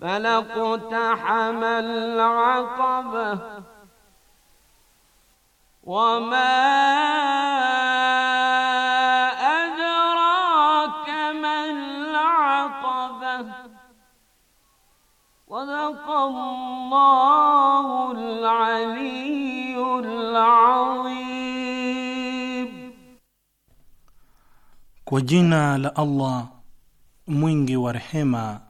فلقتحم العقبة وما أدراك ما العقبة صدق الله العلي العظيم kwa لألله la Allah wa rehema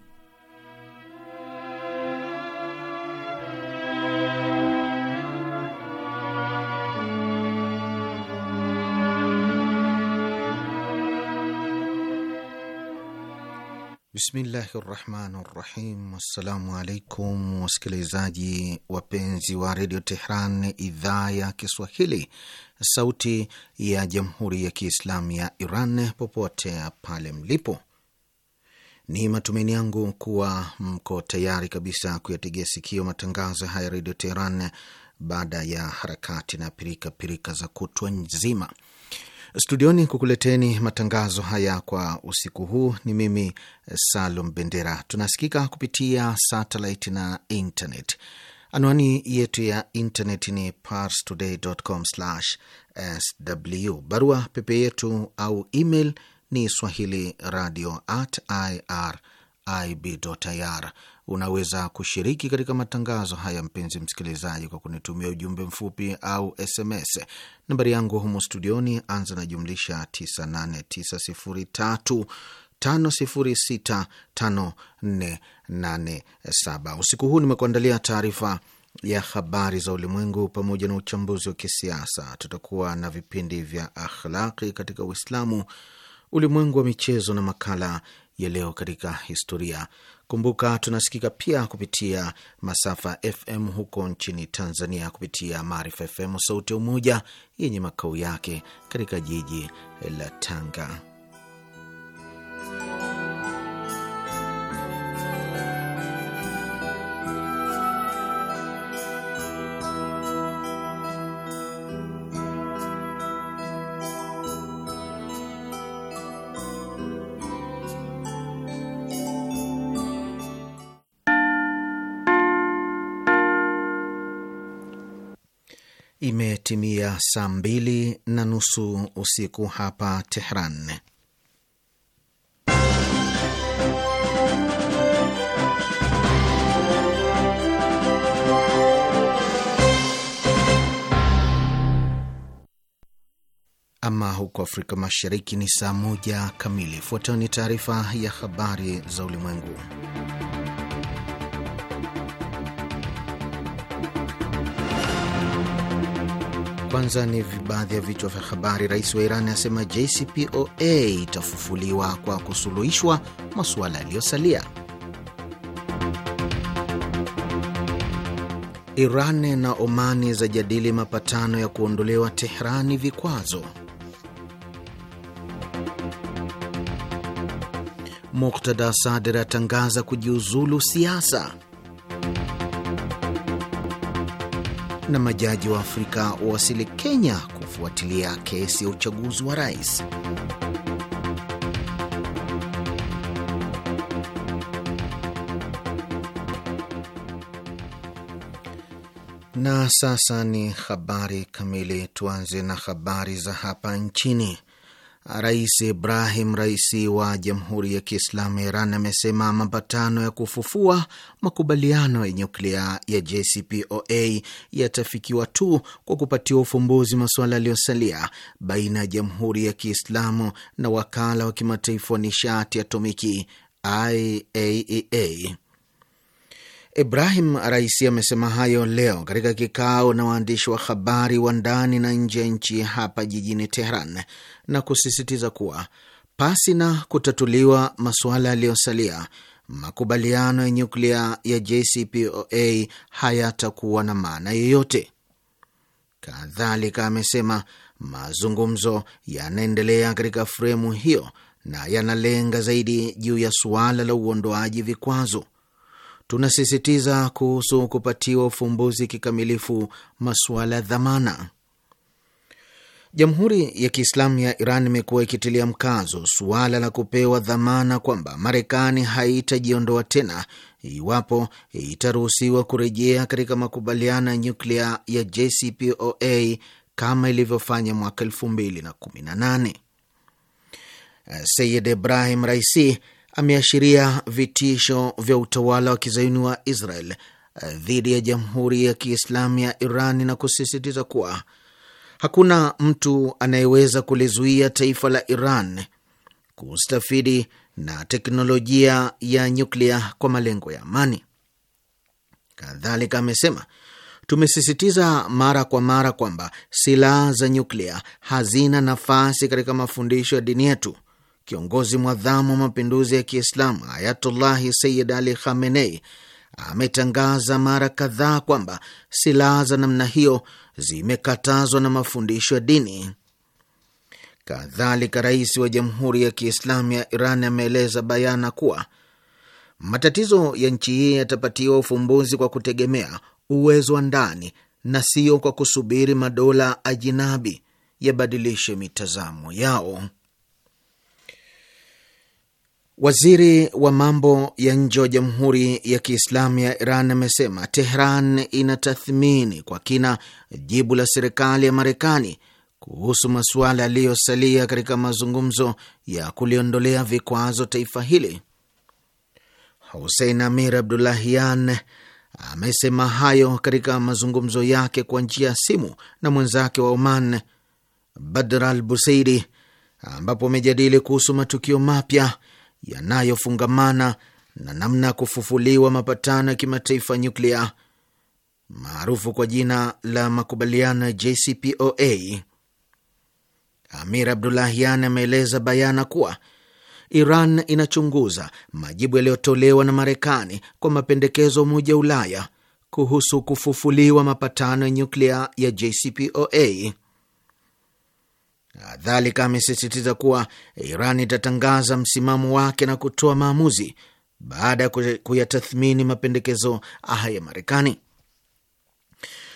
Bismillahi rahmani rahim. Assalamu alaikum wasikilizaji wapenzi wa redio Tehran, idhaa ya Kiswahili, sauti ya jamhuri ya Kiislamu ya Iran, popote pale mlipo. Ni matumaini yangu kuwa mko tayari kabisa kuyategea sikio matangazo haya redio Tehran baada ya harakati na pirikapirika pirika za kutwa nzima. Studioni kukuleteni matangazo haya kwa usiku huu ni mimi eh, Salum Bendera. Tunasikika kupitia satellite na internet. Anwani yetu ya internet ni parstoday.com/sw. Barua pepe yetu au email ni swahili radio at irib.ir. Unaweza kushiriki katika matangazo haya, mpenzi msikilizaji, kwa kunitumia ujumbe mfupi au SMS. Nambari yangu humo studioni, anza na jumlisha 989035 Usiku huu nimekuandalia taarifa ya habari za ulimwengu pamoja na uchambuzi wa kisiasa. Tutakuwa na vipindi vya akhlaqi katika Uislamu, ulimwengu wa michezo na makala ya leo katika historia. Kumbuka tunasikika pia kupitia masafa FM huko nchini Tanzania kupitia Maarifa FM Sauti ya Umoja yenye makao yake katika jiji la Tanga. Imetimia saa mbili na nusu usiku hapa Tehran. Ama huko Afrika Mashariki ni saa moja kamili. Ifuatayo ni taarifa ya habari za ulimwengu. Kwanza ni baadhi ya vichwa vya habari. Rais wa Iran asema JCPOA itafufuliwa kwa kusuluhishwa masuala yaliyosalia. Iran na Omani zajadili mapatano ya kuondolewa Tehrani vikwazo. Muktada Sadr atangaza kujiuzulu siasa. na majaji wa Afrika wawasili Kenya kufuatilia kesi ya uchaguzi wa rais. Na sasa ni habari kamili. Tuanze na habari za hapa nchini. Rais Ibrahim Raisi wa Jamhuri ya Kiislamu ya Iran amesema mapatano ya kufufua makubaliano ya nyuklia ya JCPOA yatafikiwa tu kwa kupatia ufumbuzi masuala yaliyosalia baina ya Jamhuri ya Kiislamu na Wakala wa Kimataifa wa Nishati Atomiki, IAEA. E Ibrahim Raisi amesema hayo leo katika kikao na waandishi wa habari wa ndani na nje ya nchi hapa jijini tehran na kusisitiza kuwa pasi na kutatuliwa masuala yaliyosalia, makubaliano ya nyuklia ya JCPOA hayatakuwa na maana yoyote. Kadhalika amesema mazungumzo yanaendelea katika fremu hiyo na yanalenga zaidi juu ya suala la uondoaji vikwazo tunasisitiza kuhusu kupatiwa ufumbuzi kikamilifu masuala ya dhamana. Jamhuri ya Kiislamu ya Iran imekuwa ikitilia mkazo suala la kupewa dhamana kwamba Marekani haitajiondoa tena iwapo itaruhusiwa kurejea katika makubaliano ya nyuklia ya JCPOA kama ilivyofanya mwaka 2018 mbili Sayid Ibrahim Raisi ameashiria vitisho vya utawala wa kizayuni wa Israel eh, dhidi ya Jamhuri ya Kiislamu ya Iran na kusisitiza kuwa hakuna mtu anayeweza kulizuia taifa la Iran kustafidi na teknolojia ya nyuklia kwa malengo ya amani. Kadhalika amesema tumesisitiza mara kwa mara kwamba silaha za nyuklia hazina nafasi katika mafundisho ya dini yetu kiongozi mwadhamu wa mapinduzi ya Kiislamu Ayatullahi Sayyid Ali Khamenei ametangaza mara kadhaa kwamba silaha za namna hiyo zimekatazwa na mafundisho ya dini. Kadhalika, rais wa Jamhuri ya Kiislamu ya Iran ameeleza bayana kuwa matatizo ya nchi hii yatapatiwa ufumbuzi kwa kutegemea uwezo wa ndani na sio kwa kusubiri madola ajinabi yabadilishe mitazamo yao. Waziri wa mambo ya nje wa Jamhuri ya Kiislamu ya Iran amesema Tehran inatathmini kwa kina jibu la serikali ya Marekani kuhusu masuala yaliyosalia katika mazungumzo ya kuliondolea vikwazo taifa hili. husein Amir Abdullahian amesema hayo katika mazungumzo yake kwa njia ya simu na mwenzake wa Oman Badr Al Buseidi, ambapo amejadili kuhusu matukio mapya yanayofungamana na namna ya kufufuliwa mapatano ya kimataifa nyuklia maarufu kwa jina la makubaliano ya JCPOA. Amir yan ameeleza bayana kuwa Iran inachunguza majibu yaliyotolewa na Marekani kwa mapendekezo ya Umoja wa Ulaya kuhusu kufufuliwa mapatano ya nyuklia ya JCPOA. Kadhalika amesisitiza kuwa Iran itatangaza msimamo wake na kutoa maamuzi baada ya kuyatathmini mapendekezo haya ya Marekani.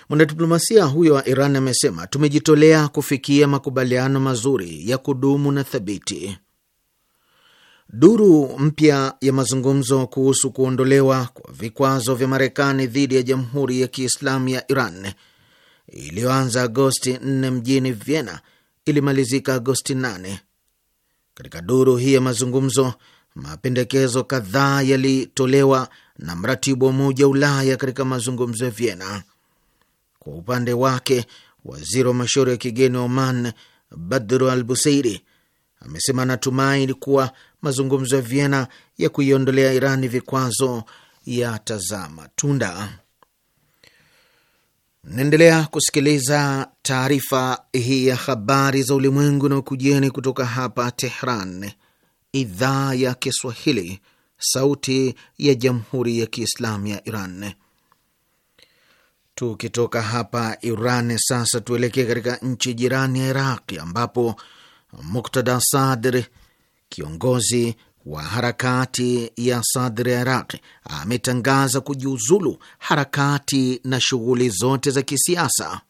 Mwanadiplomasia huyo wa Iran amesema, tumejitolea kufikia makubaliano mazuri ya kudumu na thabiti. Duru mpya ya mazungumzo kuhusu kuondolewa kwa vikwazo vya Marekani dhidi ya Jamhuri ya Kiislamu ya Iran iliyoanza Agosti 4 mjini Vienna ilimalizika Agosti 8. Katika duru hii ya mazungumzo, mapendekezo kadhaa yalitolewa na mratibu wa Umoja wa Ulaya katika mazungumzo ya Vienna. Kwa upande wake, waziri wa mashauri ya kigeni wa Oman Badru Al Buseiri amesema anatumai kuwa mazungumzo ya Vienna ya kuiondolea Irani vikwazo yatazaa matunda. Naendelea kusikiliza taarifa hii ya habari za ulimwengu na ukujieni kutoka hapa Tehran, idhaa ya Kiswahili, sauti ya jamhuri ya kiislamu ya Iran. Tukitoka hapa Iran sasa tuelekee katika nchi jirani ya Iraqi ambapo Muktada Sadr, kiongozi wa harakati ya Sadri ya Iraqi ametangaza kujiuzulu harakati na shughuli zote za kisiasa.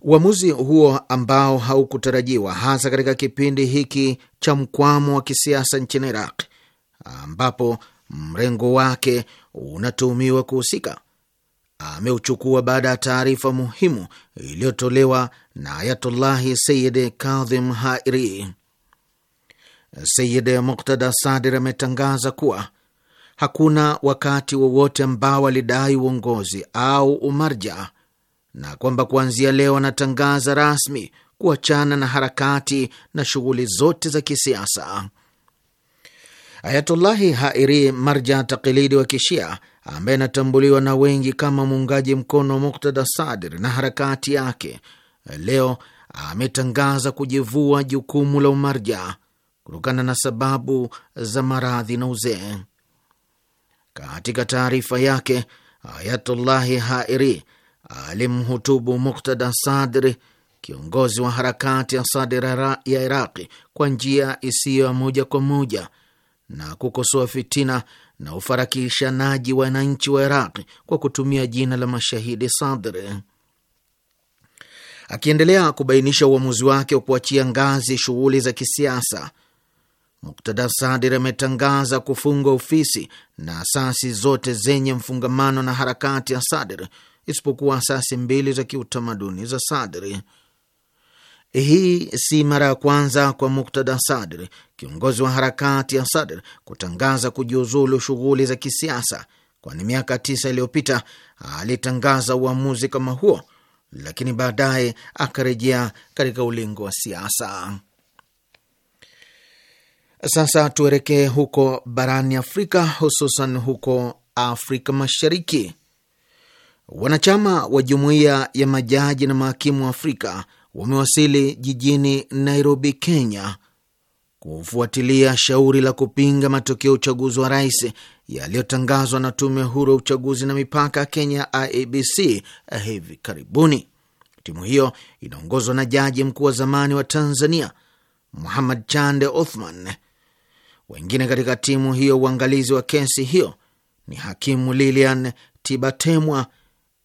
Uamuzi huo ambao haukutarajiwa hasa katika kipindi hiki cha mkwamo wa kisiasa nchini Iraq ambapo mrengo wake unatuhumiwa kuhusika, ameuchukua baada ya taarifa muhimu iliyotolewa na Ayatullahi Sayid Kadhim Hairi. Sayid Muktada Sadir ametangaza kuwa hakuna wakati wowote ambao alidai uongozi au umarja na kwamba kuanzia leo anatangaza rasmi kuachana na harakati na shughuli zote za kisiasa. Ayatullahi Hairi, marja taklidi wa Kishia ambaye anatambuliwa na wengi kama muungaji mkono wa Muktada Sadir na harakati yake, leo ametangaza kujivua jukumu la umarja kutokana na sababu za maradhi na uzee. Katika taarifa yake, Ayatullahi Hairi alimhutubu Muktada Sadri, kiongozi wa harakati ya Sadri ya Iraqi, kwa njia isiyo ya moja kwa moja na kukosoa fitina na ufarakishanaji wa wananchi wa Iraqi kwa kutumia jina la mashahidi Sadri, akiendelea kubainisha uamuzi wake wa kuachia ngazi shughuli za kisiasa Muktada Sadir ametangaza kufungwa ofisi na asasi zote zenye mfungamano na harakati ya Sadir isipokuwa asasi mbili za kiutamaduni za Sadri. Hii si mara ya kwanza kwa Muktada Sadri, kiongozi wa harakati ya Sadr, kutangaza kujiuzulu shughuli za kisiasa, kwani miaka tisa iliyopita alitangaza uamuzi kama huo, lakini baadaye akarejea katika ulingo wa siasa. Sasa tuelekee huko barani Afrika, hususan huko Afrika Mashariki. Wanachama wa jumuiya ya majaji na mahakimu wa Afrika wamewasili jijini Nairobi, Kenya, kufuatilia shauri la kupinga matokeo ya uchaguzi wa rais yaliyotangazwa na tume huru ya uchaguzi na mipaka Kenya, IEBC, hivi karibuni. Timu hiyo inaongozwa na jaji mkuu wa zamani wa Tanzania, Muhammad Chande Othman, wengine katika timu hiyo uangalizi wa kesi hiyo ni hakimu Lilian Tibatemwa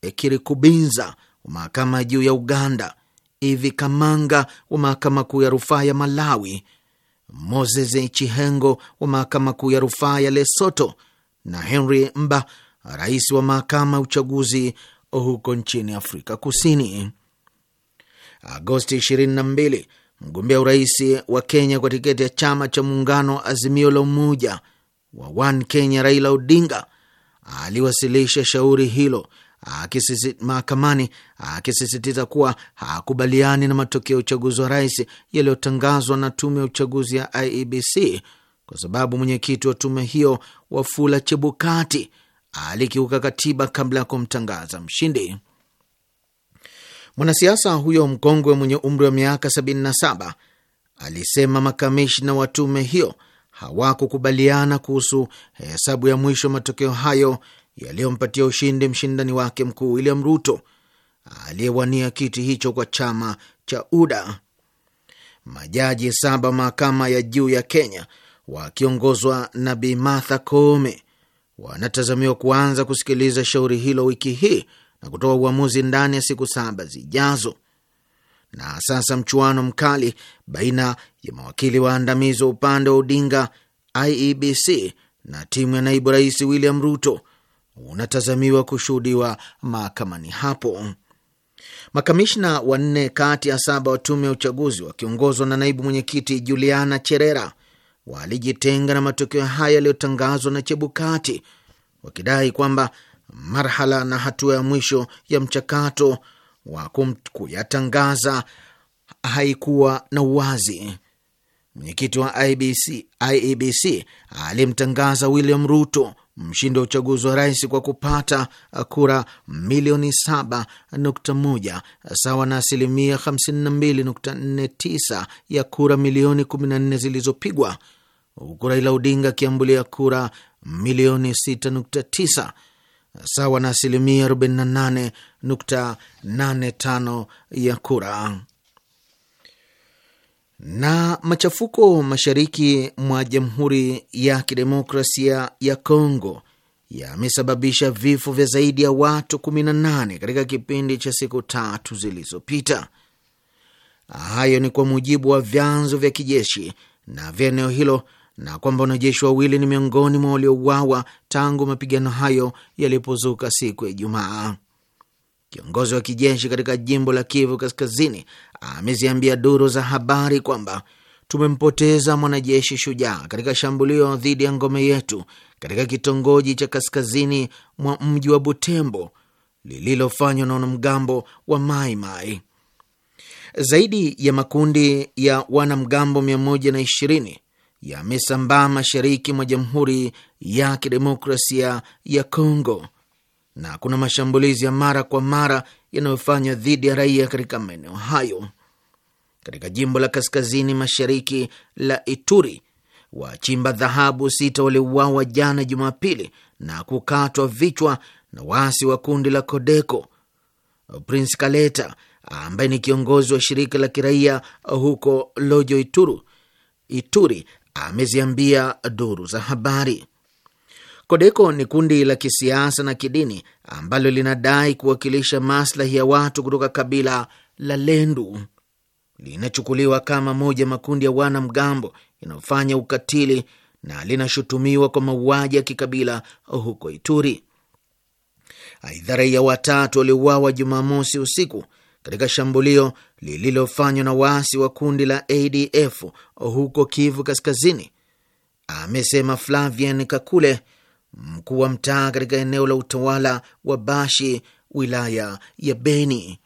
Ekirikubinza wa mahakama ya juu ya Uganda, Ivi Kamanga wa mahakama kuu ya rufaa ya Malawi, Moses Chihengo wa mahakama kuu ya rufaa ya Lesoto na Henry Mba, rais wa mahakama ya uchaguzi huko nchini Afrika Kusini. Agosti 22 mgombea urais wa Kenya kwa tiketi ya chama cha muungano wa Azimio la Umoja wa One Kenya Raila Odinga aliwasilisha shauri hilo mahakamani akisisitiza kuwa hakubaliani na matokeo ya uchaguzi wa rais yaliyotangazwa na tume ya uchaguzi ya IEBC kwa sababu mwenyekiti wa tume hiyo Wafula Chebukati alikiuka katiba kabla ya kumtangaza mshindi. Mwanasiasa huyo mkongwe mwenye umri wa miaka 77 alisema makamishna wa tume hiyo hawakukubaliana kuhusu hesabu ya mwisho matokeo hayo yaliyompatia ushindi mshindani wake mkuu William Ruto aliyewania kiti hicho kwa chama cha UDA. Majaji saba mahakama ya juu ya Kenya wakiongozwa na Bi Martha Koome wanatazamiwa kuanza kusikiliza shauri hilo wiki hii na kutoa uamuzi ndani ya siku saba zijazo. Na sasa mchuano mkali baina ya mawakili waandamizi wa upande wa Odinga IEBC na timu ya naibu rais William Ruto unatazamiwa kushuhudiwa mahakamani hapo. Makamishna wanne kati ya saba wa tume ya uchaguzi wakiongozwa na naibu mwenyekiti Juliana Cherera walijitenga na matokeo haya yaliyotangazwa na Chebukati wakidai kwamba marhala na hatua ya mwisho ya mchakato wa kuyatangaza haikuwa na uwazi. Mwenyekiti wa IBC, IEBC alimtangaza William Ruto mshindi wa uchaguzi wa rais kwa kupata kura milioni 7.1 sawa na asilimia 52.49 ya kura milioni 14 zilizopigwa, huku Raila Odinga akiambulia kura milioni 6.9 sawa na asilimia 48.85 ya kura. Na machafuko mashariki mwa Jamhuri ya Kidemokrasia ya Kongo yamesababisha vifo vya zaidi ya watu 18 katika kipindi cha siku tatu zilizopita. Hayo ni kwa mujibu wa vyanzo vya kijeshi na vya eneo hilo na kwamba wanajeshi wawili ni miongoni mwa waliouawa tangu mapigano hayo yalipozuka siku ya Ijumaa. Kiongozi wa kijeshi katika jimbo la Kivu Kaskazini ameziambia duru za habari kwamba tumempoteza mwanajeshi shujaa katika shambulio dhidi ya ngome yetu katika kitongoji cha kaskazini mwa mji wa Butembo lililofanywa na wanamgambo wa Maimai. Zaidi ya makundi ya wanamgambo 120 yamesambaa mashariki mwa Jamhuri ya Kidemokrasia ya congo na kuna mashambulizi ya mara kwa mara yanayofanywa dhidi ya raia katika maeneo hayo. Katika jimbo la kaskazini mashariki la Ituri, wachimba dhahabu sita waliuawa jana Jumapili na kukatwa vichwa na waasi wa kundi la Kodeko. Prince Kaleta ambaye ni kiongozi wa shirika la kiraia huko Lojo Ituru, Ituri ameziambia duru za habari. Kodeko ni kundi la kisiasa na kidini ambalo linadai kuwakilisha maslahi ya watu kutoka kabila la Lendu. Linachukuliwa kama moja makundi ya wanamgambo inayofanya ukatili na linashutumiwa kwa mauaji ya kikabila huko Ituri. Aidha, raia watatu waliuawa Jumamosi usiku katika shambulio lililofanywa na waasi wa kundi la ADF huko Kivu Kaskazini, amesema Flavian Kakule, mkuu wa mtaa katika eneo la utawala wa Bashi, wilaya ya Beni.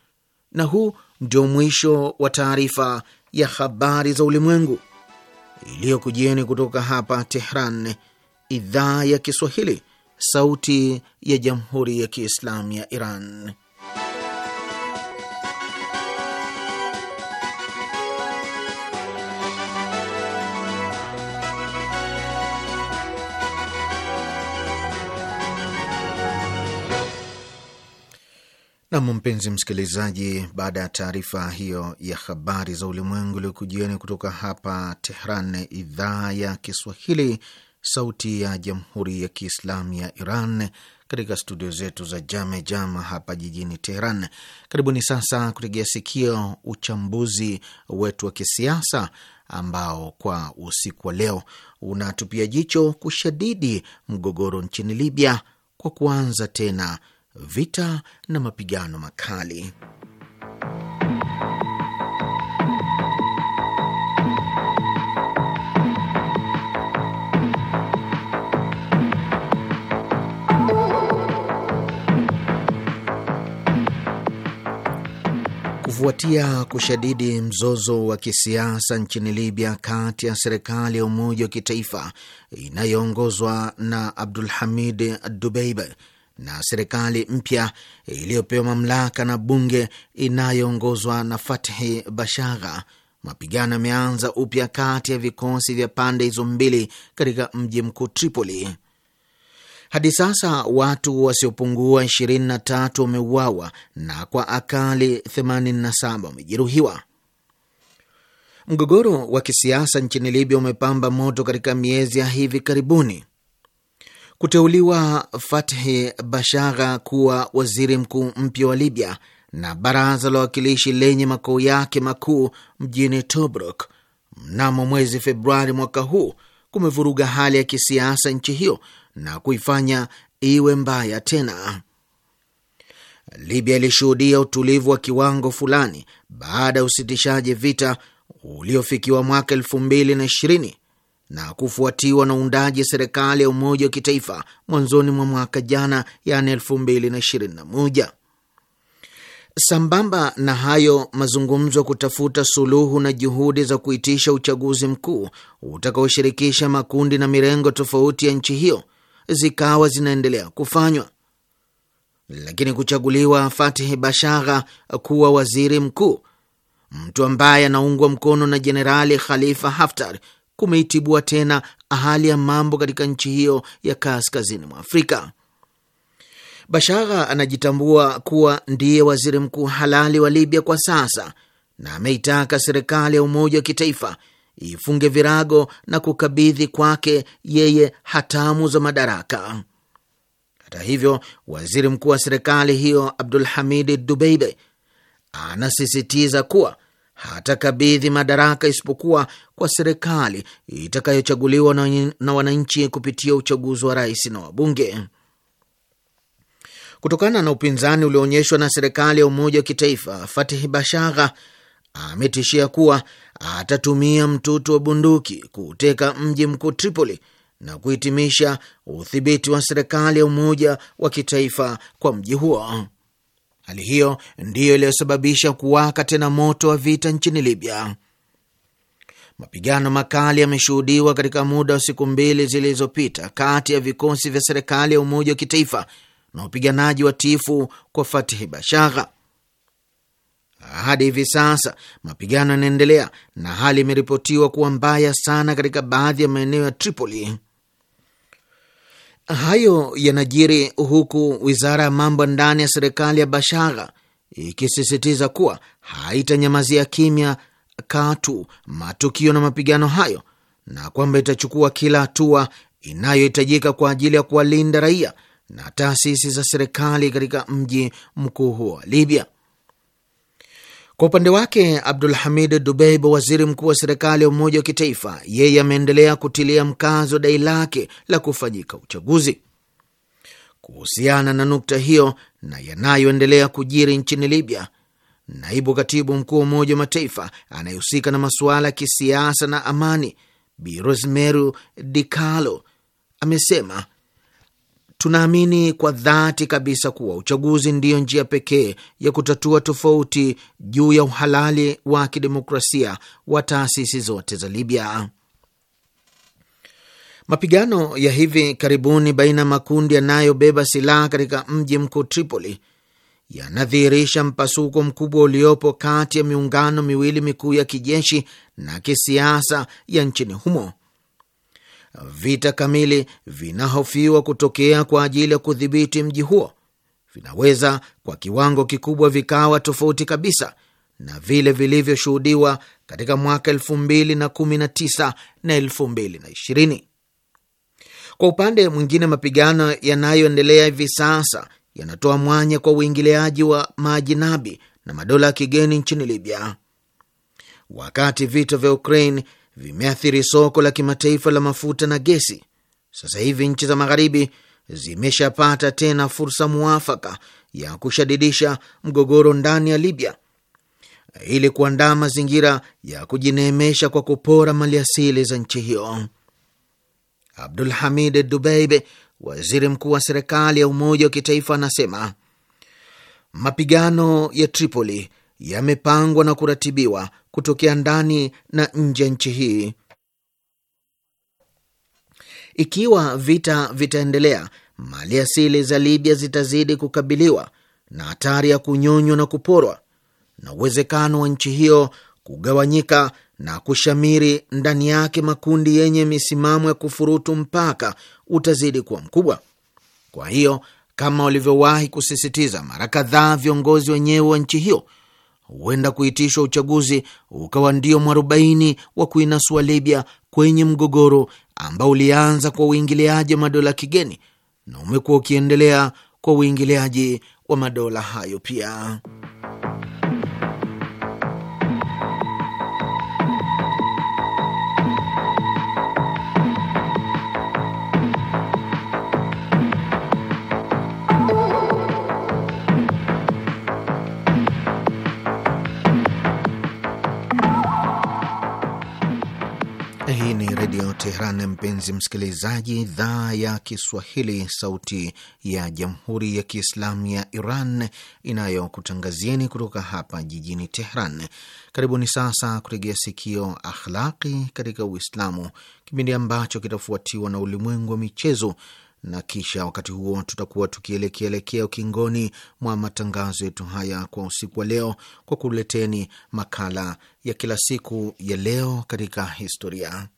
Na huu ndio mwisho wa taarifa ya habari za ulimwengu iliyokujieni kutoka hapa Tehran, idhaa ya Kiswahili, sauti ya jamhuri ya kiislamu ya Iran. Nam, mpenzi msikilizaji, baada ya taarifa hiyo ya habari za ulimwengu iliokujieni kutoka hapa Tehran, idhaa ya Kiswahili, sauti ya jamhuri ya kiislamu ya Iran, katika studio zetu za Jame Jama hapa jijini Teheran. Karibuni sasa kutegea sikio uchambuzi wetu wa kisiasa ambao kwa usiku wa leo unatupia jicho kushadidi mgogoro nchini Libya kwa kuanza tena vita na mapigano makali. Kufuatia kushadidi mzozo wa kisiasa nchini Libya kati ya serikali ya umoja wa kitaifa inayoongozwa na Abdul Hamid Dubeibe na serikali mpya iliyopewa mamlaka na bunge inayoongozwa na Fathi Bashagha, mapigano yameanza upya kati ya vikosi vya pande hizo mbili katika mji mkuu Tripoli. Hadi sasa watu wasiopungua 23 wameuawa na kwa akali 87 wamejeruhiwa. Mgogoro wa kisiasa nchini Libya umepamba moto katika miezi ya hivi karibuni. Kuteuliwa Fathi Bashagha kuwa waziri mkuu mpya wa Libya na baraza la wawakilishi lenye makao yake makuu mjini Tobruk mnamo mwezi Februari mwaka huu kumevuruga hali ya kisiasa nchi hiyo na kuifanya iwe mbaya tena. Libya ilishuhudia utulivu wa kiwango fulani baada ya usitishaji vita uliofikiwa mwaka elfu mbili na ishirini na kufuatiwa na uundaji serikali ya umoja wa kitaifa mwanzoni mwa mwaka jana, yaani 2021. Sambamba na hayo, mazungumzo ya kutafuta suluhu na juhudi za kuitisha uchaguzi mkuu utakaoshirikisha makundi na mirengo tofauti ya nchi hiyo zikawa zinaendelea kufanywa, lakini kuchaguliwa Fatihi Bashagha kuwa waziri mkuu, mtu ambaye anaungwa mkono na Jenerali Khalifa Haftar kumeitibua tena hali ya mambo katika nchi hiyo ya kaskazini mwa Afrika. Bashagha anajitambua kuwa ndiye waziri mkuu halali wa Libya kwa sasa na ameitaka serikali ya umoja wa kitaifa ifunge virago na kukabidhi kwake yeye hatamu za madaraka. Hata hivyo, waziri mkuu wa serikali hiyo Abdul Hamid Dubeibe anasisitiza kuwa hatakabidhi madaraka isipokuwa kwa serikali itakayochaguliwa na wananchi kupitia uchaguzi wa rais na wabunge. Kutokana na upinzani ulioonyeshwa na serikali ya umoja wa kitaifa, Fatihi Bashagha ametishia kuwa atatumia mtutu wa bunduki kuuteka mji mkuu Tripoli na kuhitimisha udhibiti wa serikali ya umoja wa kitaifa kwa mji huo. Hali hiyo ndiyo iliyosababisha kuwaka tena moto wa vita nchini Libya. Mapigano makali yameshuhudiwa katika muda wa siku mbili zilizopita kati ya vikosi vya serikali ya umoja wa kitaifa na wapiganaji tifu kwa Fatihi Bashagha. Hadi hivi sasa mapigano yanaendelea na hali imeripotiwa kuwa mbaya sana katika baadhi ya maeneo ya Tripoli. Hayo yanajiri huku wizara ya mambo ndani ya serikali ya Bashagha ikisisitiza kuwa haitanyamazia kimya katu matukio na mapigano hayo na kwamba itachukua kila hatua inayohitajika kwa ajili ya kuwalinda raia na taasisi za serikali katika mji mkuu huo wa Libya. Kwa upande wake Abdul Hamid Dubeib, waziri mkuu wa serikali ya umoja wa kitaifa, yeye ameendelea kutilia mkazo dai lake la kufanyika uchaguzi. Kuhusiana na nukta hiyo na yanayoendelea kujiri nchini Libya, naibu katibu mkuu wa Umoja wa Mataifa anayehusika na masuala ya kisiasa na amani, Bi Rosemary Di amesema Tunaamini kwa dhati kabisa kuwa uchaguzi ndiyo njia pekee ya kutatua tofauti juu ya uhalali wa kidemokrasia wa taasisi zote za Libya. Mapigano ya hivi karibuni baina ya makundi yanayobeba silaha katika mji mkuu Tripoli yanadhihirisha mpasuko mkubwa uliopo kati ya miungano miwili mikuu ya kijeshi na kisiasa ya nchini humo vita kamili vinahofiwa kutokea kwa ajili ya kudhibiti mji huo vinaweza kwa kiwango kikubwa vikawa tofauti kabisa na vile vilivyoshuhudiwa katika mwaka 219 na na na Kwa upande mwingine, mapigano yanayoendelea hivi sasa yanatoa mwanya kwa uingiliaji wa nabi na madola ya kigeni nchini Libya. Wakati vita vya Ukraine vimeathiri soko la kimataifa la mafuta na gesi. Sasa hivi nchi za magharibi zimeshapata tena fursa mwafaka ya kushadidisha mgogoro ndani ya Libya ili kuandaa mazingira ya kujineemesha kwa kupora maliasili za nchi hiyo. Abdul Hamid Dubeibe, waziri mkuu wa serikali ya umoja wa kitaifa, anasema mapigano ya Tripoli yamepangwa na kuratibiwa kutokea ndani na nje ya nchi hii. Ikiwa vita vitaendelea, mali asili za Libya zitazidi kukabiliwa na hatari ya kunyonywa na kuporwa na uwezekano wa nchi hiyo kugawanyika na kushamiri ndani yake makundi yenye misimamo ya kufurutu mpaka utazidi kuwa mkubwa. Kwa hiyo, kama walivyowahi kusisitiza mara kadhaa viongozi wenyewe wa nchi hiyo huenda kuitishwa uchaguzi ukawa ndio mwarobaini wa kuinasua Libya kwenye mgogoro ambao ulianza kwa uingiliaji wa madola kigeni na umekuwa ukiendelea kwa uingiliaji wa madola hayo pia. Teheran. Mpenzi msikilizaji, idhaa ya Kiswahili, sauti ya jamhuri ya kiislamu ya Iran inayokutangazieni kutoka hapa jijini Teheran. Karibuni sasa kuregea sikio Akhlaqi katika Uislamu, kipindi ambacho kitafuatiwa na ulimwengu wa michezo na kisha wakati huo tutakuwa tukielekeelekea ukingoni mwa matangazo yetu haya kwa usiku wa leo, kwa kuleteni makala ya kila siku ya leo katika historia.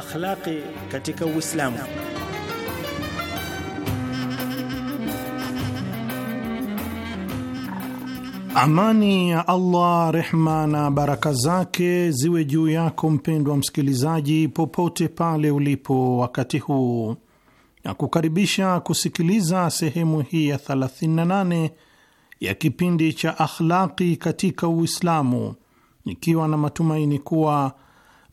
akhlaqi katika Uislamu. Amani ya Allah, rehma na baraka zake ziwe juu yako mpendwa msikilizaji, popote pale ulipo wakati huu, na kukaribisha kusikiliza sehemu hii ya 38 ya kipindi cha akhlaqi katika Uislamu, nikiwa na matumaini kuwa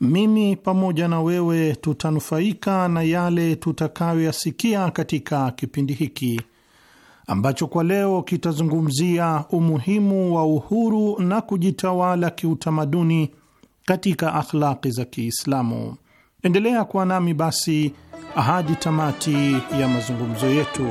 mimi pamoja na wewe tutanufaika na yale tutakayoyasikia katika kipindi hiki ambacho kwa leo kitazungumzia umuhimu wa uhuru na kujitawala kiutamaduni katika akhlaki za Kiislamu. Endelea kuwa nami basi hadi tamati ya mazungumzo yetu.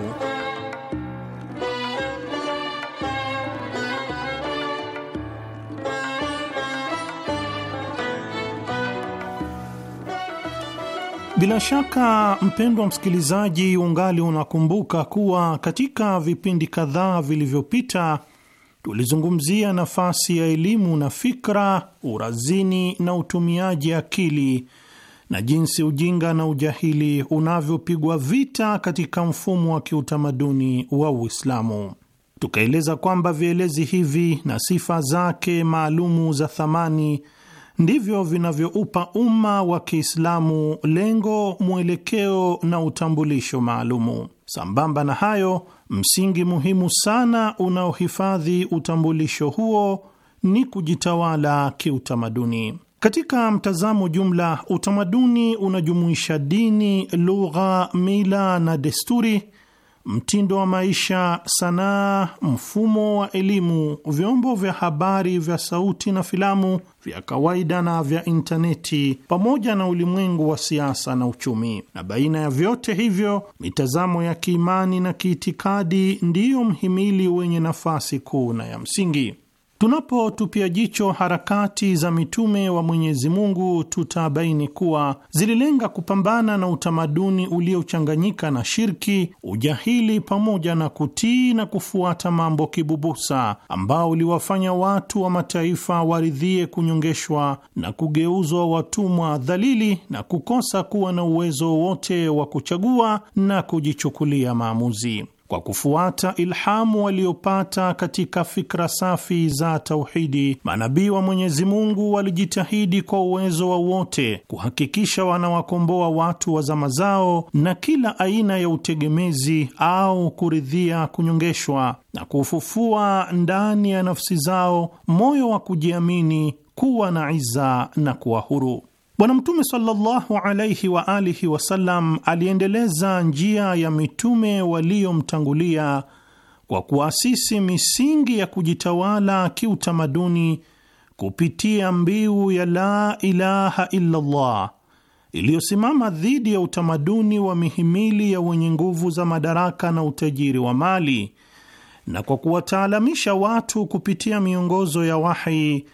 Bila shaka mpendwa msikilizaji, ungali unakumbuka kuwa katika vipindi kadhaa vilivyopita tulizungumzia nafasi ya elimu na fikra, urazini na utumiaji akili na jinsi ujinga na ujahili unavyopigwa vita katika mfumo wa kiutamaduni wa Uislamu. Tukaeleza kwamba vielezi hivi na sifa zake maalumu za thamani ndivyo vinavyoupa umma wa Kiislamu lengo, mwelekeo na utambulisho maalumu. Sambamba na hayo, msingi muhimu sana unaohifadhi utambulisho huo ni kujitawala kiutamaduni. Katika mtazamo jumla, utamaduni unajumuisha dini, lugha, mila na desturi mtindo wa maisha, sanaa, mfumo wa elimu, vyombo vya habari vya sauti na filamu, vya kawaida na vya intaneti, pamoja na ulimwengu wa siasa na uchumi. Na baina ya vyote hivyo, mitazamo ya kiimani na kiitikadi ndiyo mhimili wenye nafasi kuu na ya msingi. Tunapotupia jicho harakati za mitume wa Mwenyezi Mungu tutabaini kuwa zililenga kupambana na utamaduni uliochanganyika na shirki, ujahili, pamoja na kutii na kufuata mambo kibubusa, ambao uliwafanya watu wa mataifa waridhie kunyongeshwa na kugeuzwa watumwa dhalili na kukosa kuwa na uwezo wote wa kuchagua na kujichukulia maamuzi kwa kufuata ilhamu waliopata katika fikra safi za tauhidi, manabii wa Mwenyezi Mungu walijitahidi kwa uwezo wa wote kuhakikisha wanawakomboa watu wa zama zao na kila aina ya utegemezi au kuridhia kunyongeshwa, na kufufua ndani ya nafsi zao moyo wa kujiamini, kuwa na iza na kuwa huru. Bwana Mtume sallallahu alaihi wa alihi wasallam aliendeleza njia ya mitume waliomtangulia kwa kuasisi misingi ya kujitawala kiutamaduni kupitia mbiu ya la ilaha illallah iliyosimama dhidi ya utamaduni wa mihimili ya wenye nguvu za madaraka na utajiri wa mali na kwa kuwataalamisha watu kupitia miongozo ya wahi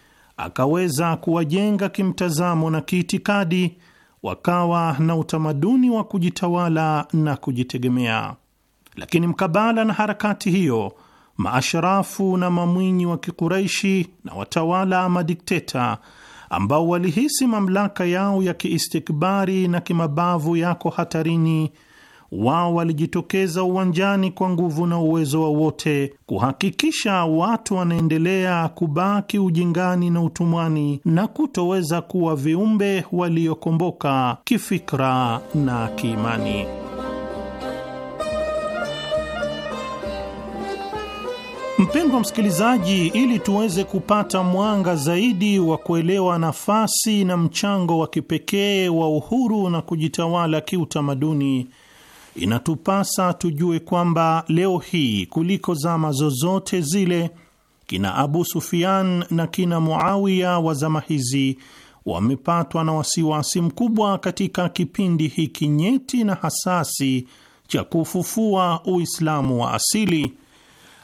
akaweza kuwajenga kimtazamo na kiitikadi, wakawa na utamaduni wa kujitawala na kujitegemea. Lakini mkabala na harakati hiyo, maashrafu na mamwinyi wa Kikuraishi na watawala madikteta ambao walihisi mamlaka yao ya kiistikbari na kimabavu yako hatarini wao walijitokeza uwanjani kwa nguvu na uwezo wa wote kuhakikisha watu wanaendelea kubaki ujingani na utumwani na kutoweza kuwa viumbe waliokomboka kifikra na kiimani. Mpendwa msikilizaji, ili tuweze kupata mwanga zaidi wa kuelewa nafasi na mchango wa kipekee wa uhuru na kujitawala kiutamaduni inatupasa tujue kwamba leo hii kuliko zama zozote zile kina Abu Sufyan na kina Muawiya wa zama hizi wamepatwa na wasiwasi mkubwa katika kipindi hiki nyeti na hasasi cha kufufua Uislamu wa asili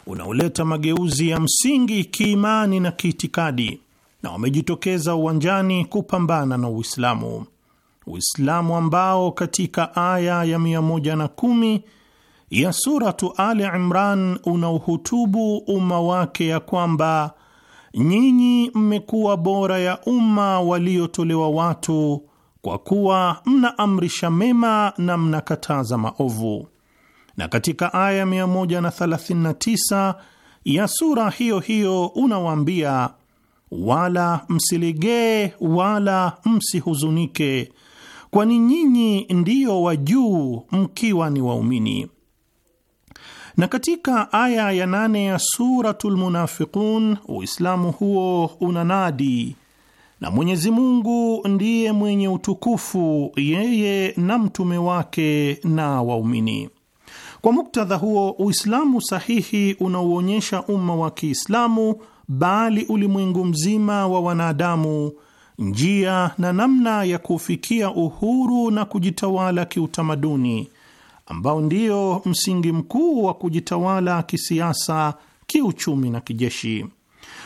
unaoleta mageuzi ya msingi kiimani na kiitikadi, na wamejitokeza uwanjani kupambana na Uislamu. Uislamu ambao katika aya ya 110 ya Suratu Ali Imran unauhutubu umma wake ya kwamba nyinyi mmekuwa bora ya umma waliotolewa watu kwa kuwa mnaamrisha mema na mnakataza maovu. Na katika aya 139 ya sura hiyo hiyo unawaambia, wala msilegee wala msihuzunike kwani nyinyi ndiyo wa juu mkiwa ni waumini. Na katika aya ya nane ya Suratul Munafiqun, Uislamu huo unanadi na Mwenyezi Mungu ndiye mwenye utukufu, yeye na mtume wake na waumini. Kwa muktadha huo, Uislamu sahihi unauonyesha umma wa Kiislamu, bali ulimwengu mzima wa wanadamu njia na namna ya kufikia uhuru na kujitawala kiutamaduni ambao ndio msingi mkuu wa kujitawala kisiasa, kiuchumi na kijeshi.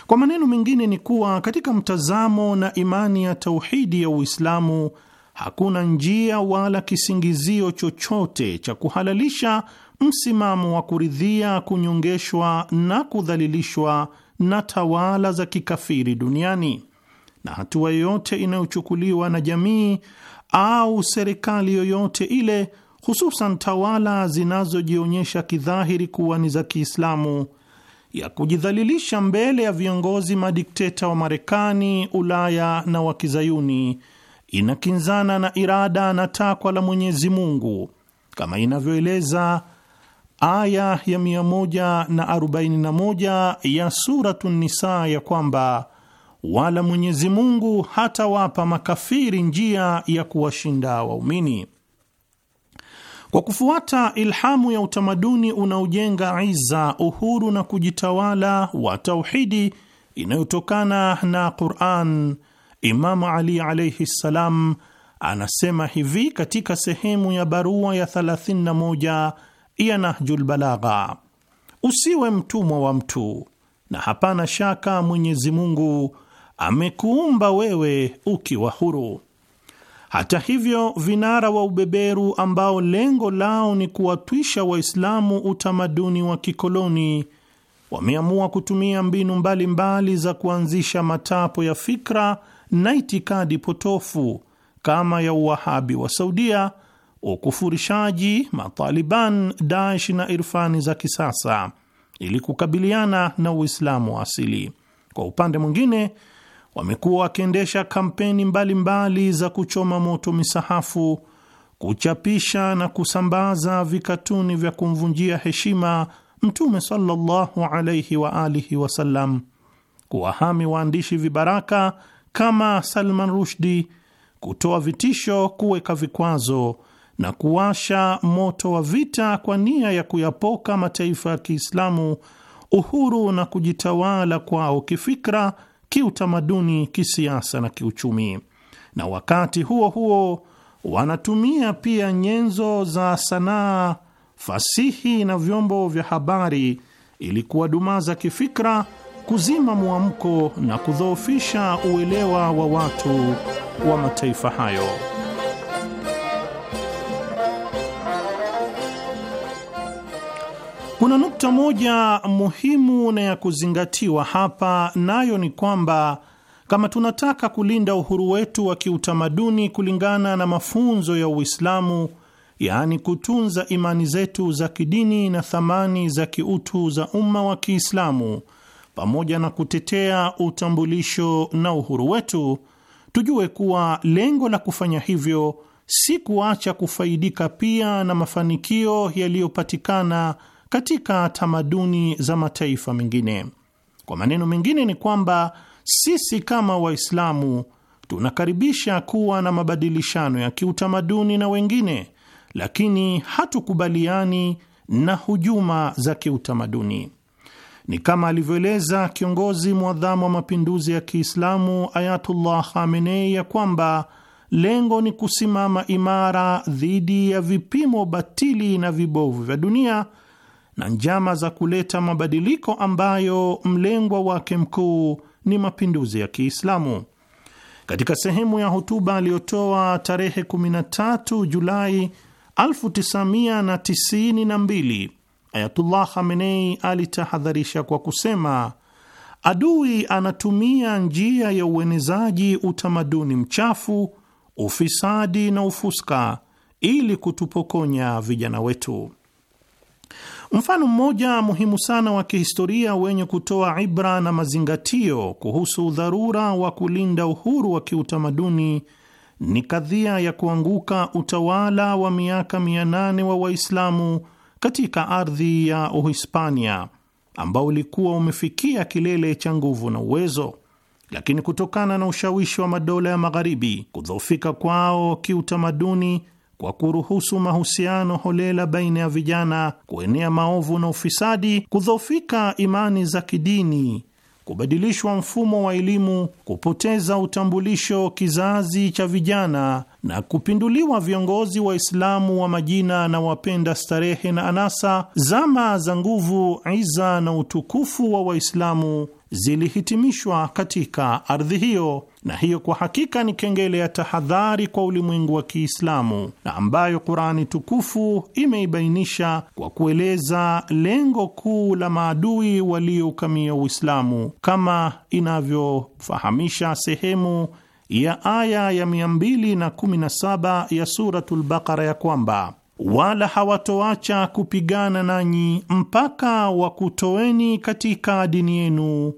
Kwa maneno mengine ni kuwa katika mtazamo na imani ya tauhidi ya Uislamu hakuna njia wala kisingizio chochote cha kuhalalisha msimamo wa kuridhia kunyongeshwa na kudhalilishwa na tawala za kikafiri duniani na hatua yoyote inayochukuliwa na jamii au serikali yoyote ile, hususan tawala zinazojionyesha kidhahiri kuwa ni za Kiislamu, ya kujidhalilisha mbele ya viongozi madikteta wa Marekani, Ulaya na wakizayuni inakinzana na irada na takwa la Mwenyezi Mungu kama inavyoeleza aya ya 141 ya Suratu Nisaa ya kwamba wala Mwenyezi Mungu hatawapa makafiri njia ya kuwashinda waumini. Kwa kufuata ilhamu ya utamaduni unaojenga iza, uhuru na kujitawala wa tauhidi inayotokana na Quran, Imamu Ali alaihi ssalam anasema hivi katika sehemu ya barua ya 31 ya Nahjul Balagha: usiwe mtumwa wa mtu, na hapana shaka Mwenyezi Mungu amekuumba wewe ukiwa huru. Hata hivyo, vinara wa ubeberu ambao lengo lao ni kuwatwisha Waislamu utamaduni wa kikoloni wameamua kutumia mbinu mbalimbali mbali za kuanzisha matapo ya fikra na itikadi potofu kama ya Uwahabi wa Saudia, ukufurishaji, Mataliban, Daesh na irfani za kisasa ili kukabiliana na Uislamu wa asili. Kwa upande mwingine wamekuwa wakiendesha kampeni mbalimbali mbali za kuchoma moto misahafu, kuchapisha na kusambaza vikatuni vya kumvunjia heshima Mtume sallallahu alaihi wa alihi wasallam, kuwahami waandishi vibaraka kama Salman Rushdi, kutoa vitisho, kuweka vikwazo na kuwasha moto wa vita kwa nia ya kuyapoka mataifa ya Kiislamu uhuru na kujitawala kwao kifikra kiutamaduni, kisiasa na kiuchumi, na wakati huo huo wanatumia pia nyenzo za sanaa, fasihi na vyombo vya habari ili kuwadumaza kifikra, kuzima mwamko na kudhoofisha uelewa wa watu wa mataifa hayo. Kuna nukta moja muhimu na ya kuzingatiwa hapa, nayo ni kwamba kama tunataka kulinda uhuru wetu wa kiutamaduni kulingana na mafunzo ya Uislamu, yaani kutunza imani zetu za kidini na thamani za kiutu za umma wa Kiislamu, pamoja na kutetea utambulisho na uhuru wetu, tujue kuwa lengo la kufanya hivyo si kuacha kufaidika pia na mafanikio yaliyopatikana katika tamaduni za mataifa mengine. Kwa maneno mengine, ni kwamba sisi kama Waislamu tunakaribisha kuwa na mabadilishano ya kiutamaduni na wengine, lakini hatukubaliani na hujuma za kiutamaduni. Ni kama alivyoeleza kiongozi mwadhamu wa mapinduzi ya Kiislamu Ayatullah Khamenei ya kwamba lengo ni kusimama imara dhidi ya vipimo batili na vibovu vya dunia na njama za kuleta mabadiliko ambayo mlengwa wake mkuu ni mapinduzi ya Kiislamu. Katika sehemu ya hotuba aliyotoa tarehe 13 Julai 1992 Ayatullah Khamenei alitahadharisha kwa kusema, adui anatumia njia ya uenezaji utamaduni mchafu, ufisadi na ufuska ili kutupokonya vijana wetu. Mfano mmoja muhimu sana wa kihistoria wenye kutoa ibra na mazingatio kuhusu dharura wa kulinda uhuru wa kiutamaduni ni kadhia ya kuanguka utawala wa miaka 8 wa Waislamu katika ardhi ya Uhispania ambao ulikuwa umefikia kilele cha nguvu na uwezo, lakini kutokana na ushawishi wa madola ya Magharibi, kudhoofika kwao kiutamaduni kwa kuruhusu mahusiano holela baina ya vijana, kuenea maovu na ufisadi, kudhoofika imani za kidini, kubadilishwa mfumo wa elimu, kupoteza utambulisho kizazi cha vijana na kupinduliwa viongozi Waislamu wa majina na wapenda starehe na anasa. Zama za nguvu, iza na utukufu wa Waislamu zilihitimishwa katika ardhi hiyo, na hiyo kwa hakika ni kengele ya tahadhari kwa ulimwengu wa Kiislamu na ambayo Kurani tukufu imeibainisha kwa kueleza lengo kuu la maadui walioukamia Uislamu kama inavyofahamisha sehemu ya aya ya 217 ya Suratul Baqara ya kwamba wala hawatoacha kupigana nanyi mpaka wakutoeni katika dini yenu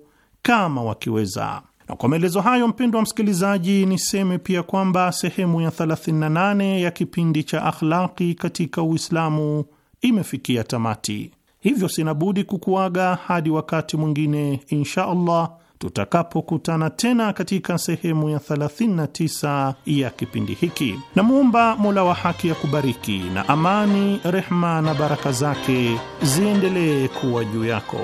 kama wakiweza. Na kwa maelezo hayo, mpendo wa msikilizaji, niseme pia kwamba sehemu ya 38 ya kipindi cha Akhlaqi katika Uislamu imefikia tamati, hivyo sinabudi kukuaga hadi wakati mwingine insha Allah tutakapokutana tena katika sehemu ya 39 ya kipindi hiki. Namwomba Mola wa haki ya kubariki na amani, rehma na baraka zake ziendelee kuwa juu yako.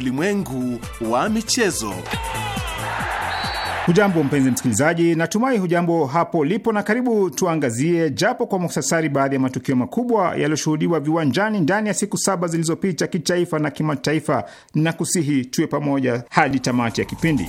ulimwengu wa michezo. Hujambo mpenzi msikilizaji, natumai hujambo hapo lipo, na karibu tuangazie japo kwa muhtasari baadhi ya matukio makubwa yaliyoshuhudiwa viwanjani ndani ya siku saba zilizopita kitaifa na kimataifa, na kusihi tuwe pamoja hadi tamati ya kipindi.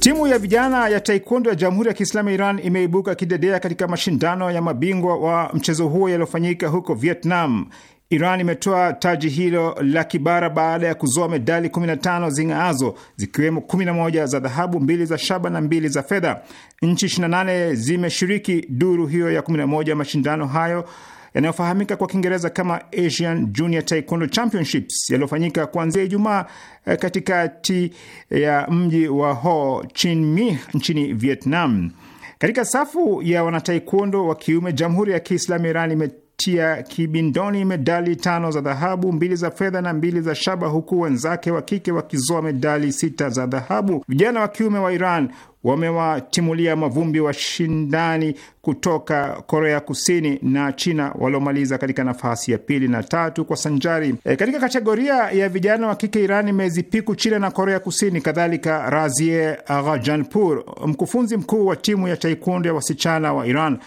Timu ya vijana ya taekwondo ya Jamhuri ya Kiislamu ya Iran imeibuka kidedea katika mashindano ya mabingwa wa mchezo huo yaliyofanyika huko Vietnam. Iran imetoa taji hilo la kibara baada ya kuzoa medali 15 zing'aazo zikiwemo 11 za dhahabu, mbili za shaba na mbili za fedha. Nchi 28 zimeshiriki duru hiyo ya 11 mashindano hayo yanayofahamika kwa Kiingereza kama Asian Junior Taekwondo Championships yaliyofanyika kuanzia Ijumaa eh, katikati ya mji wa Ho Chi Minh nchini Vietnam. Katika safu ya wanataekwondo wa kiume, Jamhuri ya Kiislamu Iran ime tia kibindoni medali tano za dhahabu, mbili za fedha na mbili za shaba, huku wenzake wa kike wakizoa medali sita za dhahabu. Vijana wa kiume wa Iran wamewatimulia mavumbi washindani kutoka Korea Kusini na China waliomaliza katika nafasi ya pili na tatu kwa sanjari. E, katika kategoria ya vijana wa kike Iran imezipiku China na Korea Kusini. Kadhalika, Razie Aghajanpur, mkufunzi mkuu wa timu ya taekwondo ya wasichana wa Iran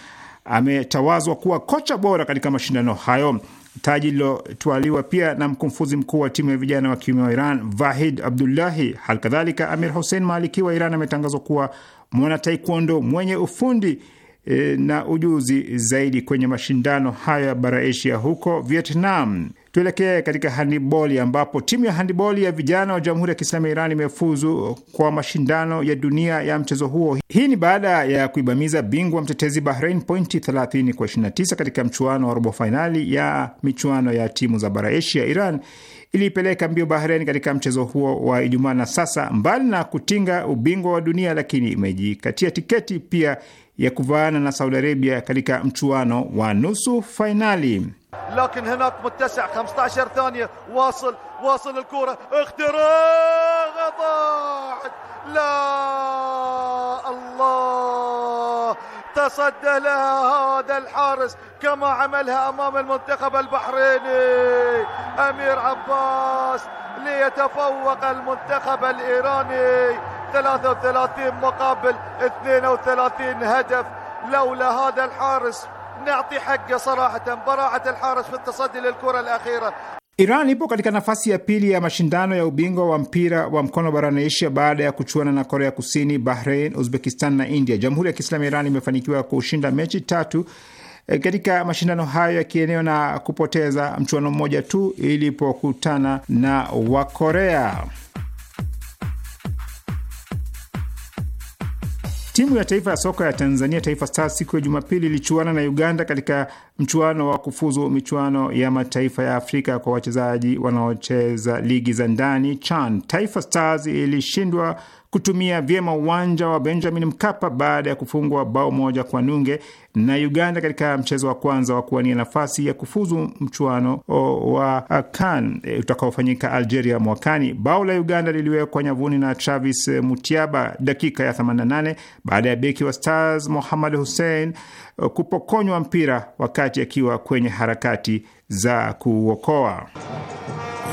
ametawazwa kuwa kocha bora katika mashindano hayo, taji lilotwaliwa pia na mkufunzi mkuu wa timu ya vijana wa kiume wa Iran Vahid Abdullahi. kadhalika Amir Hussein Maliki wa Iran ametangazwa kuwa mwanataekwondo mwenye ufundi eh, na ujuzi zaidi kwenye mashindano hayo ya bara Asia huko Vietnam. Tuelekee katika handiboli ambapo timu ya handiboli ya vijana wa Jamhuri ya Kiislamu ya Iran imefuzu kwa mashindano ya dunia ya mchezo huo. Hii ni baada ya kuibamiza bingwa mtetezi Bahrain pointi 30 kwa 29 katika mchuano wa robo fainali ya michuano ya timu za bara Asia. Iran iliipeleka mbio Bahrain katika mchezo huo wa Ijumaa, na sasa mbali na kutinga ubingwa wa dunia, lakini imejikatia tiketi pia ya kuvaana na Saudi Arabia katika mchuano wa nusu fainali. لكن هناك متسع 15 ثانية واصل واصل الكرة اختراق ضاعت لا الله تصدى لها هذا الحارس كما عملها أمام المنتخب البحريني أمير عباس ليتفوق المنتخب الإيراني 33 مقابل 32 هدف لولا هذا الحارس نعطي حقه صراحة براعة الحارس في التصدي للكرة الأخيرة Iran ipo katika nafasi ya pili ya mashindano ya ubingwa wa mpira wa mkono barani Asia baada ya kuchuana na Korea Kusini, Bahrain, Uzbekistan na India. Jamhuri ya Kiislamu ya Iran imefanikiwa kushinda mechi tatu e, katika mashindano hayo ya kieneo na kupoteza mchuano mmoja tu ilipokutana na Wakorea. Timu ya taifa ya soka ya Tanzania, Taifa Stars, siku ya Jumapili ilichuana na Uganda katika mchuano wa kufuzu michuano ya mataifa ya Afrika kwa wachezaji wanaocheza ligi za ndani CHAN. Taifa Stars ilishindwa kutumia vyema uwanja wa Benjamin Mkapa baada ya kufungwa bao moja kwa nunge na Uganda katika mchezo wa kwanza wa kuwania nafasi ya kufuzu mchuano wa CAN e, utakaofanyika Algeria mwakani. Bao la Uganda liliwekwa nyavuni na Travis Mutiaba dakika ya 88 baada ya beki wa Stars Mohammad Hussein e, kupokonywa mpira wakati akiwa kwenye harakati za kuokoa.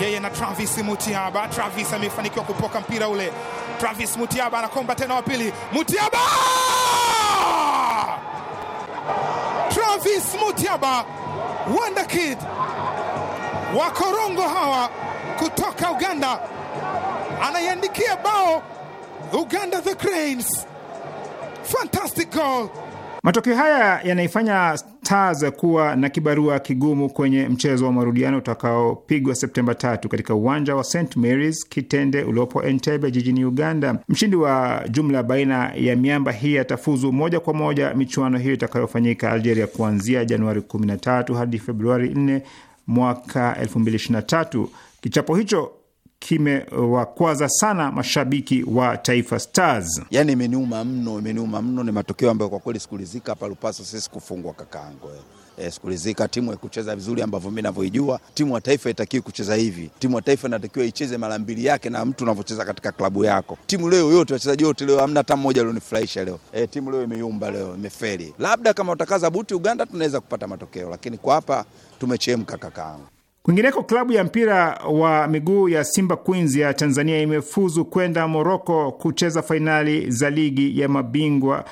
Yeye na Travis Mutiaba. Travis amefanikiwa kupoka mpira ule. Travis Mutiaba anakomba tena wa pili. Mutiaba! Travis Mutiaba, Wonder Kid wakorongo hawa kutoka Uganda, anaiandikia bao Uganda the Cranes. Fantastic goal. Matokeo haya yanaifanya Stars kuwa na kibarua kigumu kwenye mchezo wa marudiano utakaopigwa Septemba tatu katika uwanja wa St Mary's Kitende uliopo Entebbe jijini Uganda. Mshindi wa jumla baina ya miamba hii atafuzu moja kwa moja michuano hiyo itakayofanyika Algeria kuanzia Januari 13 hadi Februari 4 mwaka 2023. Kichapo hicho kimewakwaza sana mashabiki wa Taifa Stars. Yani imeniuma mno, imeniuma mno. Ni matokeo ambayo kwa kweli sikulizika hapa Lupaso sisi kufungwa kakaango E, eh, sikulizika timu ya kucheza vizuri ambavyo mimi navyoijua Timu ya taifa itakiwi kucheza hivi. Timu ya taifa inatakiwa icheze mara mbili yake na mtu unavyocheza katika klabu yako. Timu leo yote, wachezaji wote leo, hamna hata mmoja alionifurahisha leo. E, timu leo imeyumba, leo imefeli. Labda kama utakaza buti Uganda tunaweza kupata matokeo, lakini kwa hapa tumechemka kakaangu. Kwingineko, klabu ya mpira wa miguu ya Simba Queens ya Tanzania imefuzu kwenda Moroko kucheza fainali za ligi ya mabingwa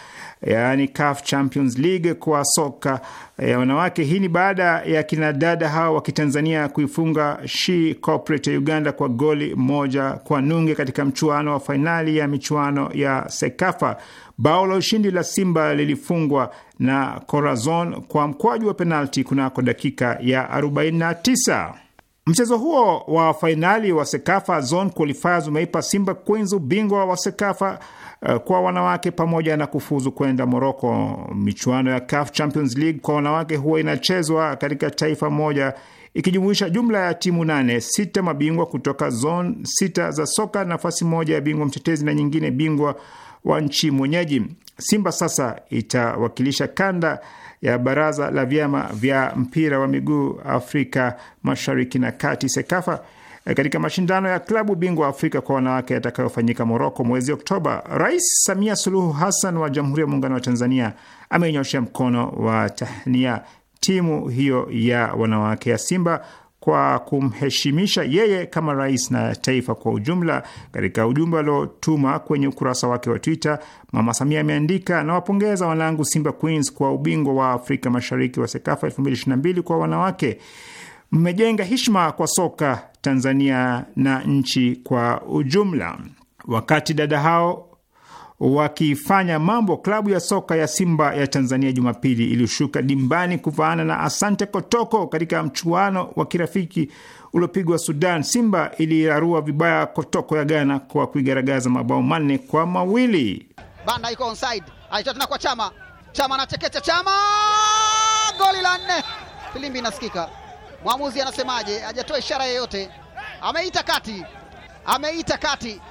yaani CAF Champions League kwa soka ya wanawake. Hii ni baada ya kinadada hao wa Kitanzania kuifunga She Corporate ya Uganda kwa goli moja kwa nunge katika mchuano wa fainali ya michuano ya Sekafa. Bao la ushindi la Simba lilifungwa na Corazon kwa mkwaju wa penalti kunako dakika ya 49. Mchezo huo wa fainali wa Sekafa Zone Qualifiers umeipa Simba Queens ubingwa wa Sekafa uh, kwa wanawake pamoja na kufuzu kwenda Moroko. Michuano ya CAF Champions League kwa wanawake huwa inachezwa katika taifa moja ikijumuisha jumla ya timu nane, sita mabingwa kutoka zone sita za soka, nafasi moja ya bingwa mtetezi na nyingine bingwa wa nchi mwenyeji. Simba sasa itawakilisha kanda ya baraza la vyama vya mpira wa miguu Afrika Mashariki na Kati, SEKAFA, katika mashindano ya klabu bingwa Afrika kwa wanawake yatakayofanyika Moroko mwezi Oktoba. Rais Samia Suluhu Hassan wa Jamhuri ya Muungano wa Tanzania amenyoshea mkono wa tahnia timu hiyo ya wanawake ya Simba kwa kumheshimisha yeye kama rais na taifa kwa ujumla. Katika ujumbe aliotuma kwenye ukurasa wake wa Twitter, Mama Samia ameandika, nawapongeza wanangu Simba Queens kwa ubingwa wa Afrika Mashariki wa SEKAFA 2022 kwa wanawake. Mmejenga heshima kwa soka Tanzania na nchi kwa ujumla. Wakati dada hao wakifanya mambo, klabu ya soka ya Simba ya Tanzania Jumapili ilishuka dimbani kuvaana na Asante Kotoko katika mchuano wa kirafiki uliopigwa Sudan. Simba iliarua vibaya Kotoko ya Ghana kwa kuigaragaza mabao manne kwa mawili. Banda iko onside, alichota tena kwa Chama. Chama anachekecha, Chama goli la nne, filimbi inasikika. Mwamuzi anasemaje? Hajatoa ishara yoyote, ameita kati, ameita kati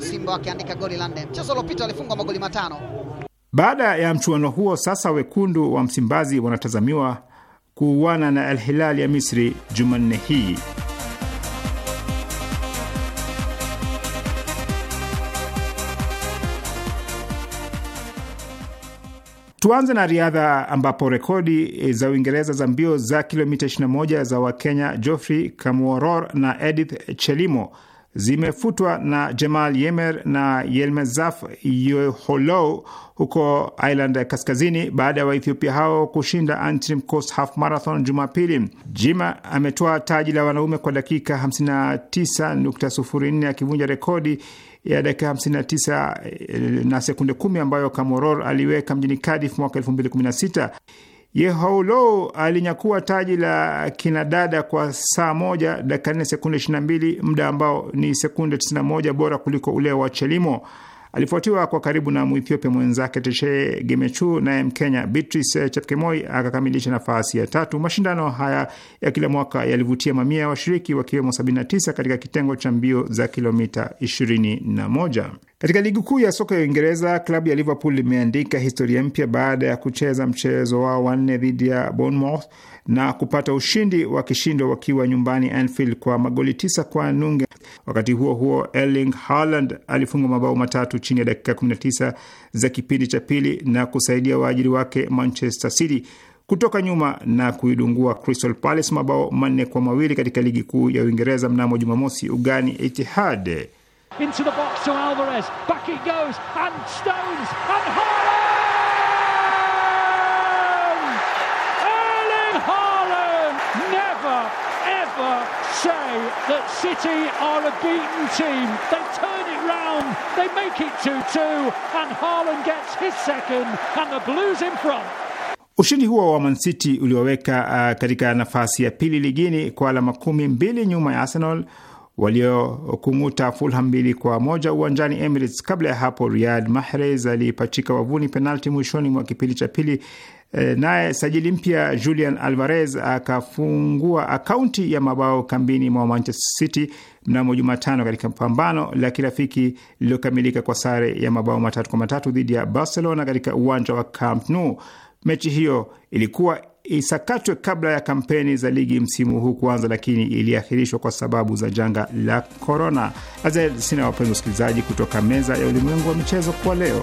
Simba akiandika goli la nne. Mchezo uliopita walifungwa magoli matano. Baada ya mchuano huo, sasa wekundu wa Msimbazi wanatazamiwa kuuana na Al Hilal ya Misri Jumanne hii. Tuanze na riadha ambapo rekodi za Uingereza za mbio za kilomita 21 za Wakenya Geoffrey Kamworor na Edith Chelimo zimefutwa na Jemal Yemer na Yelmezaf Yeholou huko Ireland Kaskazini baada ya Waethiopia hao kushinda Antrim Coast Half Marathon Jumapili. Jima ametoa taji la wanaume kwa dakika 59.04 akivunja rekodi ya dakika 59 na sekunde kumi ambayo Kamoror aliweka mjini Cardiff mwaka 2016. Yehoulou alinyakua taji la kinadada kwa saa moja dakika nne sekunde 22, muda ambao ni sekunde 91 bora kuliko ule wa Chelimo. Alifuatiwa kwa karibu na muethiopia mwenzake Teshe Gemechu, naye Mkenya Beatrice Chepkemoi akakamilisha nafasi ya tatu. Mashindano haya ya kila mwaka yalivutia mamia ya washiriki wakiwemo 79 katika kitengo cha mbio za kilomita 21. Katika ligi kuu ya soka ya Uingereza, klabu ya Liverpool imeandika historia mpya baada ya kucheza mchezo wao wanne dhidi ya Bournemouth na kupata ushindi wa kishindo wakiwa nyumbani Anfield kwa magoli tisa kwa nunge. Wakati huo huo, Erling Haaland alifunga mabao matatu chini ya dakika 19 za kipindi cha pili na kusaidia waajiri wake Manchester City kutoka nyuma na kuidungua Crystal Palace mabao manne kwa mawili katika ligi kuu ya Uingereza mnamo Jumamosi ugani Etihad. Into the box to Alvarez. Back it goes. And Stones. And say that City are a beaten team. They turn it round, they make it 2-2 and Haaland gets his second and the Blues in front. Ushindi huo wa Man City ulioweka uh, katika nafasi ya pili ligini kwa alama kumi mbili nyuma ya Arsenal waliokung'uta Fulham mbili kwa moja uwanjani Emirates. Kabla ya hapo, Riyad Mahrez alipachika wavuni penalti mwishoni mwa kipindi cha pili Eh, naye sajili mpya Julian Alvarez akafungua akaunti ya mabao kambini mwa Manchester City mnamo Jumatano katika pambano la kirafiki lililokamilika kwa sare ya mabao matatu kwa matatu dhidi ya Barcelona katika uwanja wa Camp Nou. Mechi hiyo ilikuwa isakatwe kabla ya kampeni za ligi msimu huu kuanza, lakini iliahirishwa kwa sababu za janga la korona. Azed sina, wapenzi wasikilizaji, kutoka meza ya ulimwengu wa michezo kwa leo.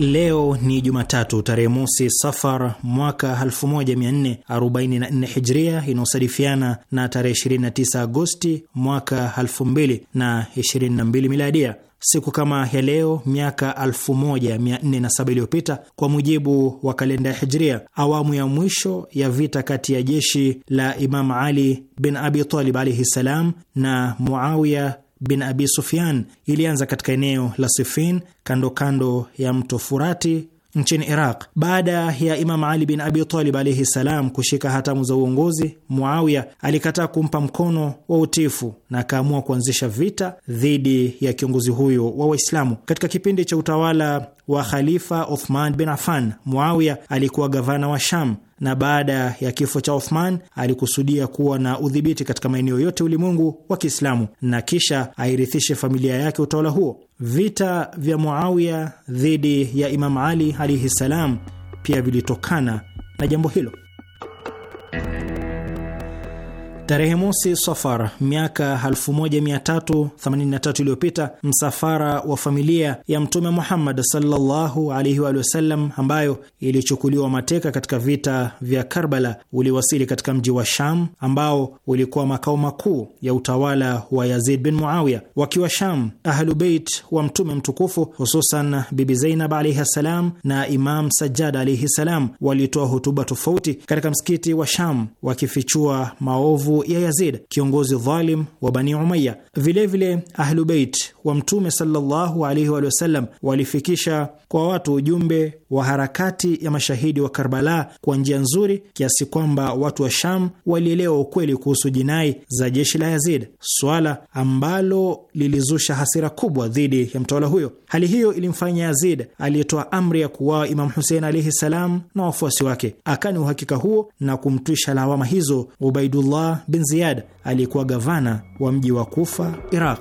Leo ni Jumatatu tarehe mosi Safar mwaka 1444 Hijria, inayosadifiana na tarehe 29 Agosti mwaka 2022 Miladia. Siku kama ya leo miaka 1407 iliyopita kwa mujibu wa kalenda ya Hijria, awamu ya mwisho ya vita kati ya jeshi la Imam Ali bin Abi Talib alaihi ssalam na Muawiya bin Abi Sufyan ilianza katika eneo la Sifin kando kando ya mto Furati nchini Iraq. Baada ya Imam Ali bin Abi Talib alaihi salam kushika hatamu za uongozi, Muawiya alikataa kumpa mkono wa utifu na akaamua kuanzisha vita dhidi ya kiongozi huyo wa Waislamu. Katika kipindi cha utawala wa Khalifa Uthman bin Affan, Muawiya alikuwa gavana wa Sham na baada ya kifo cha Othman alikusudia kuwa na udhibiti katika maeneo yote ulimwengu wa Kiislamu na kisha airithishe familia yake utawala huo. Vita vya Muawiya dhidi ya Imam Ali alaihi salam pia vilitokana na jambo hilo. Tarehe mosi Safar miaka 1383 iliyopita, msafara wa familia ya Mtume Muhammad sallallahu alaihi wa sallam, ambayo ilichukuliwa mateka katika vita vya Karbala, uliwasili katika mji wa Sham ambao ulikuwa makao makuu ya utawala wa Yazid bin Muawiya. Wakiwa Sham, Ahlu Beit wa Mtume mtukufu, hususan Bibi Zainab alaihi ssalam na Imam Sajjad alaihi ssalam, walitoa hutuba tofauti katika msikiti wa Sham wakifichua maovu ya Yazid, kiongozi dhalim wa Bani Umaya. Vilevile Ahlubeit wa Mtume sallallahu alaihi wa sallam walifikisha kwa watu ujumbe wa harakati ya mashahidi wa Karbala kwa njia nzuri kiasi kwamba watu wa Sham walielewa ukweli kuhusu jinai za jeshi la Yazid, swala ambalo lilizusha hasira kubwa dhidi ya mtawala huyo. Hali hiyo ilimfanya Yazid aliyetoa amri ya kuwawa Imamu Husein alaihi salam na wafuasi wake akani uhakika huo na kumtwisha lawama hizo Ubaidullah bin Ziyad aliyekuwa gavana wa mji wa Kufa, Iraq.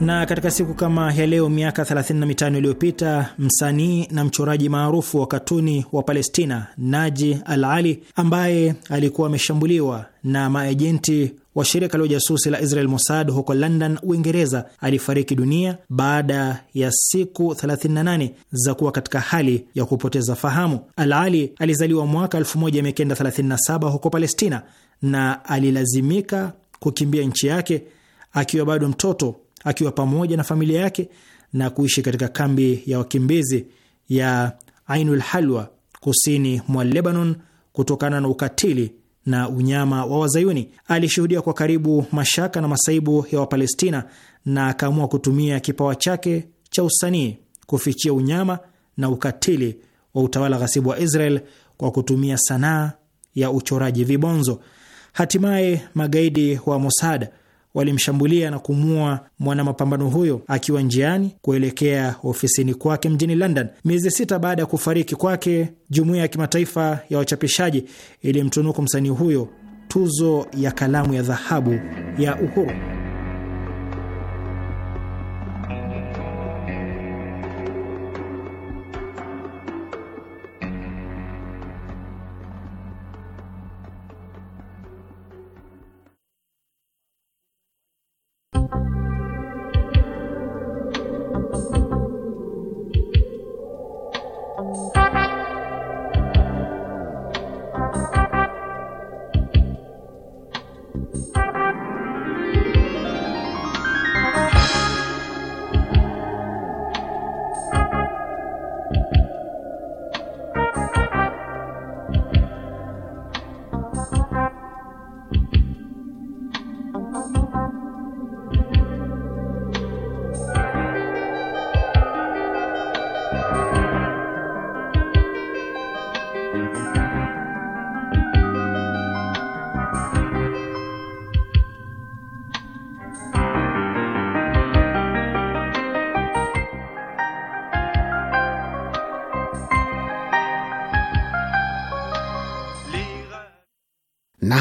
Na katika siku kama ya leo miaka 35 iliyopita msanii na mchoraji maarufu wa katuni wa Palestina Naji Al Ali ambaye alikuwa ameshambuliwa na maajenti wa shirika la ujasusi la Israel Mossad huko London, Uingereza, alifariki dunia baada ya siku 38 za kuwa katika hali ya kupoteza fahamu. Al Ali alizaliwa mwaka 1937 huko Palestina na alilazimika kukimbia nchi yake akiwa bado mtoto akiwa pamoja na familia yake na kuishi katika kambi ya wakimbizi ya Ainul Halwa kusini mwa Lebanon kutokana na ukatili na unyama wa Wazayuni. Alishuhudia kwa karibu mashaka na masaibu ya Wapalestina na akaamua kutumia kipawa chake cha usanii kufichia unyama na ukatili wa utawala ghasibu wa Israel kwa kutumia sanaa ya uchoraji vibonzo. Hatimaye magaidi wa Mossad walimshambulia na kumua mwanamapambano huyo akiwa njiani kuelekea ofisini kwake mjini London. Miezi sita baada ya kufariki kwake, jumuiya ya kimataifa ya wachapishaji ilimtunuku msanii huyo tuzo ya kalamu ya dhahabu ya uhuru.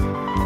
you.